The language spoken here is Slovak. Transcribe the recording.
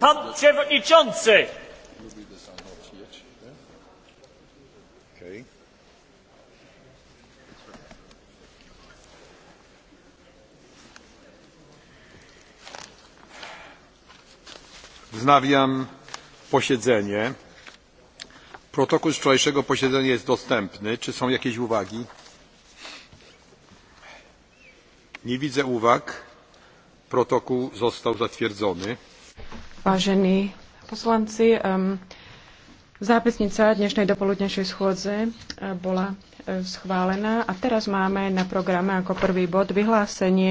Pan przewodniczący! Wznawiam posiedzenie. Protokół z wczorajszego posiedzenia jest dostępny. Czy są jakieś uwagi? Nie widzę uwag. Protokół został zatwierdzony. Vážení poslanci, zápisnica dnešnej dopoludnejšej schôdze eh, bola eh, schválená a teraz máme na programe ako prvý bod vyhlásenie